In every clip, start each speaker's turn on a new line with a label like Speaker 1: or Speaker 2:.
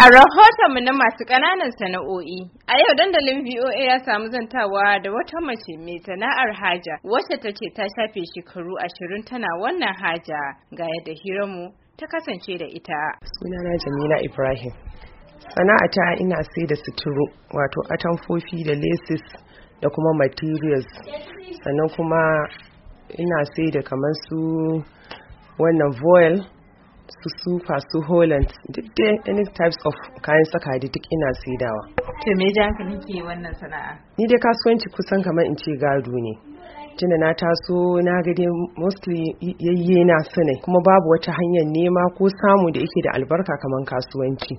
Speaker 1: A rahotonmu na masu ƙananan sana'o'i, a yau dandalin VOA ya samu zantawa da wata mace mai sana'ar haja wacce ta ce ta shafe shekaru ashirin tana wannan haja ga yadda hiramu ta kasance da ita.
Speaker 2: Sunana Jamila Ibrahim. Sana'ata ina sai da suturu wato atamfofi da laces da kuma materials sannan kuma ina sai da kamar su wannan voil su sufa su holland duk da any types of kayan saka da duk ina saidawa
Speaker 1: to me ja ka nake wannan sana'a
Speaker 2: ni dai kasuwanci kusan kamar in ce gado ne tunda na taso na ga dai mostly yayye na sanai kuma babu wata hanyar nema ko samu da yake da albarka kamar kasuwanci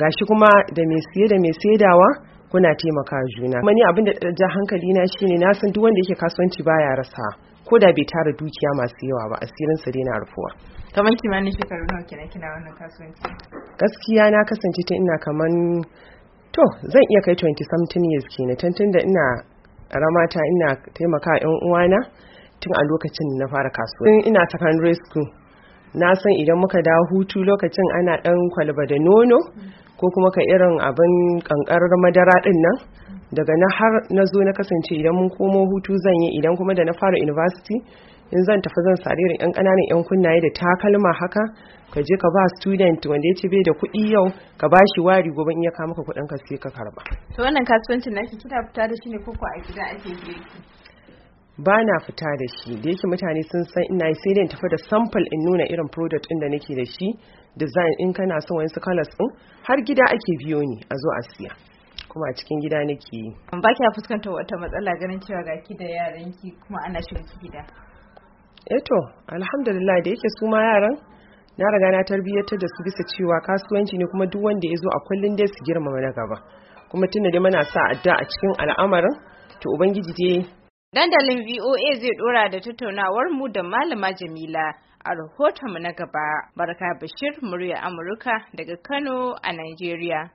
Speaker 2: gashi kuma da mai siye da mai saidawa kuna taimaka juna kuma ni abin da ja hankali na shine na san duk wanda yake kasuwanci baya rasa ko da bai tara dukiya masu yawa ba asirin su na rufuwa
Speaker 1: kamar kimanin shekaru nawa kina kina wannan kasuwanci
Speaker 2: gaskiya na kasance tun ina kaman to zan iya kai 20 something years kenan tun da ina ramata ina taimaka yan uwana tun a lokacin na fara kasuwa ina kan school na san idan muka dawo hutu lokacin ana dan kwalba da nono ko kuma ka irin abin kankarar madara din nan daga na har na zo na kasance idan mun komo hutu zan yi idan kuma da na fara university in zan tafi zan saririn yan kananan yan kunnaye da takalma haka ka je ka ba student wanda ya ce bai da kuɗi yau ka ba shi wari gobe in ya kawo maka kuɗin ka sai ka karba
Speaker 1: to wannan kasuwancin naki kina fita da shi ne koko a gida ake yi
Speaker 2: ba na fita da shi da yake mutane sun san ina sai dai tafi da sample in nuna irin product din da nake da shi design in kana son wani colors din har gida ake biyo ni a zo a siya kuma a cikin gida nake yi
Speaker 1: ba kya fuskanta wata matsala ganin cewa ga ki da yaran ki kuma ana shirin ki gida
Speaker 2: eto eh alhamdulillah da yake su ma yaran na riga na tarbiyyatar da su bisa cewa kasuwanci ne kuma duk wanda ya zo a kullun dai su girmama na gaba kuma tunda dai muna sa adda a cikin al'amarin to ubangiji dai
Speaker 1: dandalin VOA zai dora da tattaunawar mu da malama Jamila a rahoton mu na gaba barka bashir murya Amurka daga Kano a Nigeria